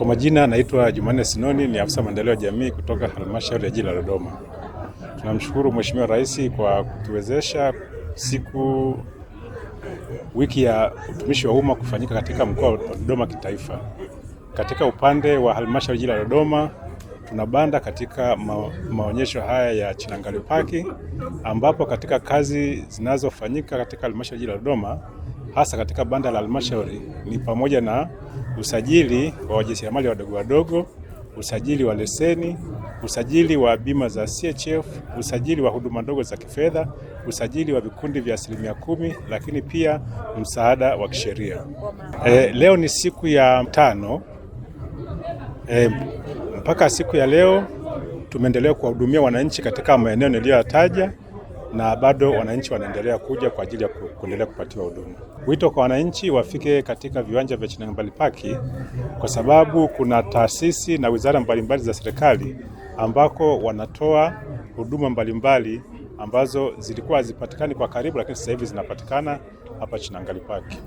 Kwa majina naitwa Jumanne Sinoni, ni afisa maendeleo ya jamii kutoka halmashauri ya jiji la Dodoma. Tunamshukuru Mheshimiwa Rais kwa kutuwezesha siku wiki ya utumishi wa umma kufanyika katika mkoa wa Dodoma kitaifa. Katika upande wa halmashauri jiji la Dodoma tunabanda katika ma maonyesho haya ya Chinangali Paki, ambapo katika kazi zinazofanyika katika halmashauri jiji la Dodoma hasa katika banda la halmashauri ni pamoja na usajili wa wajasiriamali wadogo wadogo, usajili wa leseni, usajili wa bima za CHF, usajili wa huduma ndogo za kifedha, usajili wa vikundi vya asilimia kumi, lakini pia msaada wa kisheria. E, leo ni siku ya tano e, mpaka siku ya leo tumeendelea kuwahudumia wananchi katika maeneo niliyoyataja na bado wananchi wanaendelea kuja kwa ajili ya kuendelea kupatiwa huduma. Wito kwa wananchi wafike katika viwanja vya Chinang'ambali Park kwa sababu kuna taasisi na wizara mbalimbali za serikali ambako wanatoa huduma mbalimbali ambazo zilikuwa hazipatikani kwa karibu, lakini sasa hivi zinapatikana hapa Chinang'ambali Paki.